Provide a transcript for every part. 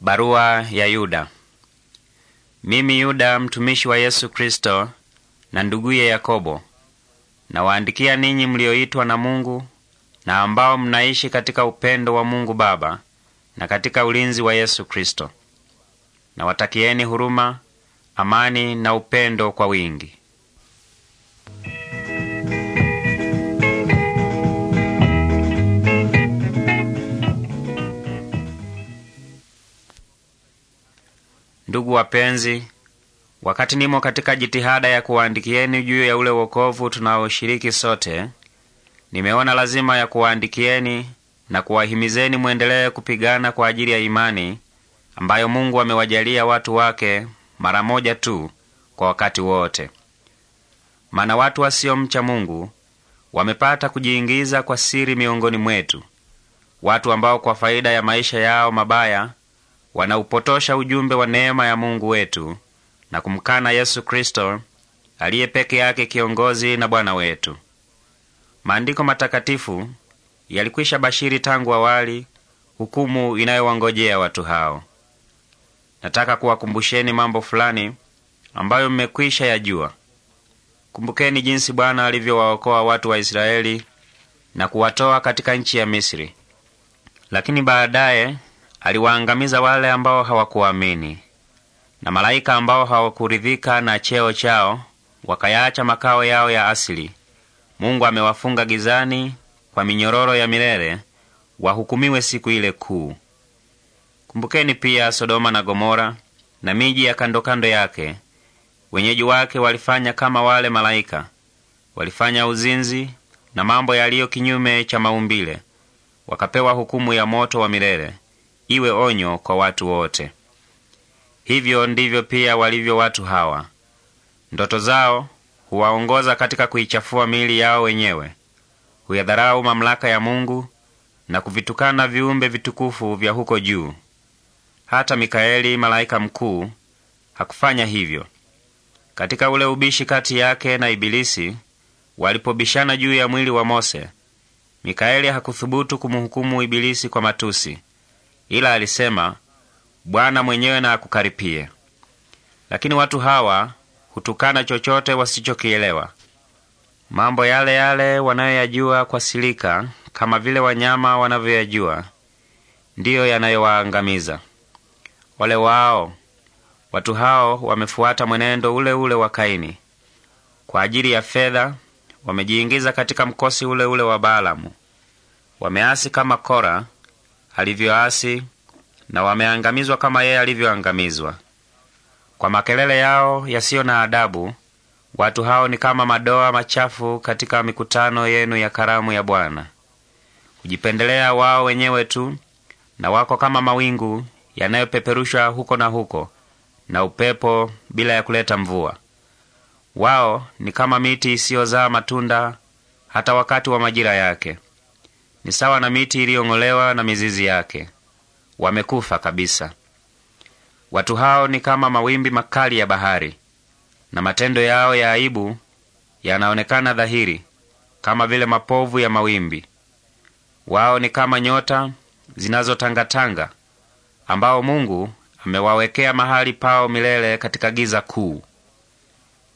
Barua ya Yuda. Mimi Yuda mtumishi wa Yesu Kristo na nduguye Yakobo, nawaandikia ninyi mlioitwa na Mungu na ambao mnaishi katika upendo wa Mungu Baba na katika ulinzi wa Yesu Kristo. Nawatakieni huruma, amani na upendo kwa wingi. Ndugu wapenzi, wakati nimo katika jitihada ya kuwaandikieni juu ya ule wokovu tunaoshiriki sote, nimeona lazima ya kuwaandikieni na kuwahimizeni mwendelee kupigana kwa ajili ya imani ambayo Mungu amewajalia watu wake mara moja tu kwa wakati wote. Maana watu wasiomcha Mungu wamepata kujiingiza kwa siri miongoni mwetu, watu ambao kwa faida ya maisha yao mabaya wanaupotosha ujumbe wa neema ya Mungu wetu na kumkana Yesu Kristo aliye peke yake kiongozi na Bwana wetu. Maandiko matakatifu yalikwisha bashiri tangu awali hukumu inayowangojea watu hao. Nataka kuwakumbusheni mambo fulani ambayo mmekwisha yajua. Kumbukeni jinsi Bwana alivyowaokoa watu wa Israeli na kuwatoa katika nchi ya Misri, lakini baadaye aliwaangamiza wale ambao hawakuamini, na malaika ambao hawakuridhika na cheo chao wakayaacha makao yao ya asili. Mungu amewafunga gizani kwa minyororo ya milele, wahukumiwe siku ile kuu. Kumbukeni pia Sodoma na Gomora na miji ya kandokando yake. Wenyeji wake walifanya kama wale malaika, walifanya uzinzi na mambo yaliyo kinyume cha maumbile, wakapewa hukumu ya moto wa milele iwe onyo kwa watu wote. Hivyo ndivyo pia walivyo watu hawa. Ndoto zao huwaongoza katika kuichafua miili yao wenyewe, huyadharau mamlaka ya Mungu na kuvitukana viumbe vitukufu vya huko juu. Hata Mikaeli malaika mkuu hakufanya hivyo. Katika ule ubishi kati yake na Ibilisi, walipobishana juu ya mwili wa Mose, Mikaeli hakuthubutu kumhukumu Ibilisi kwa matusi. Ila alisema, Bwana mwenyewe na akukaripie. Lakini watu hawa hutukana chochote wasichokielewa, mambo yale yale wanayoyajua kwa silika, kama vile wanyama wanavyoyajua, ndiyo yanayowaangamiza ole wao. Watu hao wamefuata mwenendo ule ule wa Kaini. Kwa ajili ya fedha wamejiingiza katika mkosi ule ule wa balamu Wameasi kama Kora, alivyoasi na wameangamizwa kama yeye alivyoangamizwa. Kwa makelele yao yasiyo na adabu, watu hao ni kama madoa machafu katika mikutano yenu ya karamu ya Bwana. Hujipendelea wao wenyewe tu, na wako kama mawingu yanayopeperushwa huko na huko na upepo bila ya kuleta mvua. Wao ni kama miti isiyozaa matunda hata wakati wa majira yake ni sawa na miti iliyong'olewa na mizizi yake, wamekufa kabisa. Watu hao ni kama mawimbi makali ya bahari, na matendo yao ya aibu yanaonekana dhahiri, kama vile mapovu ya mawimbi. Wao ni kama nyota zinazotangatanga, ambao Mungu amewawekea mahali pao milele katika giza kuu.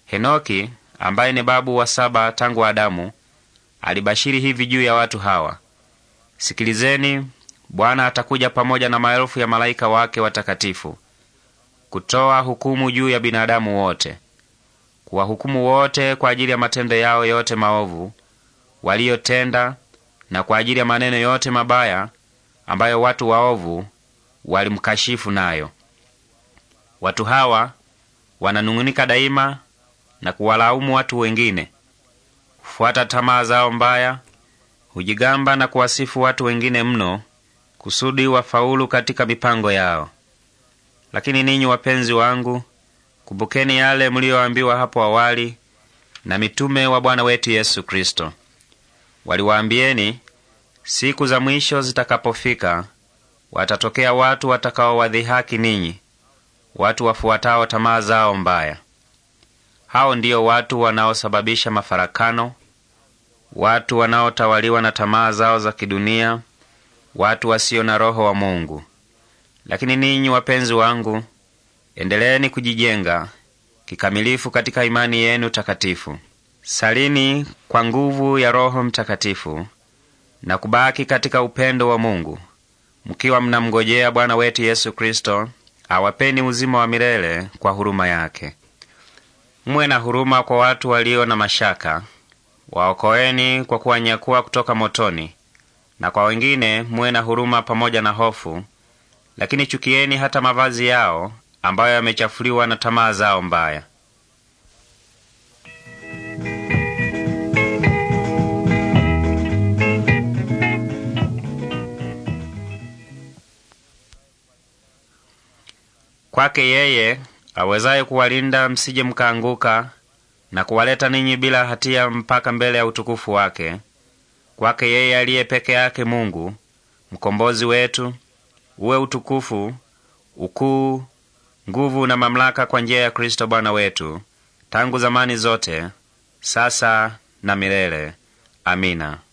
Henoki ambaye ni babu wa saba tangu Adamu alibashiri hivi juu ya watu hawa Sikilizeni, Bwana atakuja pamoja na maelfu ya malaika wake watakatifu kutoa hukumu juu ya binadamu wote, kuwahukumu wote kwa ajili ya matendo yao yote maovu waliyotenda na kwa ajili ya maneno yote mabaya ambayo watu waovu walimkashifu nayo. Watu hawa wananung'unika daima na kuwalaumu watu wengine, hufuata tamaa zao mbaya hujigamba na kuwasifu watu wengine mno kusudi wafaulu katika mipango yao. Lakini ninyi wapenzi wangu, kumbukeni yale mliyoambiwa hapo awali na mitume wa Bwana wetu Yesu Kristo. Waliwaambieni, siku za mwisho zitakapofika, watatokea watu watakaowadhihaki ninyi, watu wafuatao tamaa zao mbaya. Hao ndiyo watu wanaosababisha mafarakano watu wanaotawaliwa na tamaa zao za kidunia, watu wasio na Roho wa Mungu. Lakini ninyi wapenzi wangu, endeleeni kujijenga kikamilifu katika imani yenu takatifu. Salini kwa nguvu ya Roho Mtakatifu na kubaki katika upendo wa Mungu, mkiwa mnamngojea Bwana wetu Yesu Kristo awapeni uzima wa milele kwa huruma yake. Mwe na huruma kwa watu walio na mashaka waokoeni kwa kuwanyakua kutoka motoni, na kwa wengine muwe na huruma pamoja na hofu, lakini chukieni hata mavazi yao ambayo yamechafuliwa na tamaa zao mbaya. Kwake yeye awezaye kuwalinda msije mkaanguka na kuwaleta ninyi bila hatia mpaka mbele ya utukufu wake, kwake yeye aliye peke yake Mungu mkombozi wetu, uwe utukufu, ukuu, nguvu na mamlaka kwa njia ya Kristo Bwana wetu, tangu zamani zote, sasa na milele. Amina.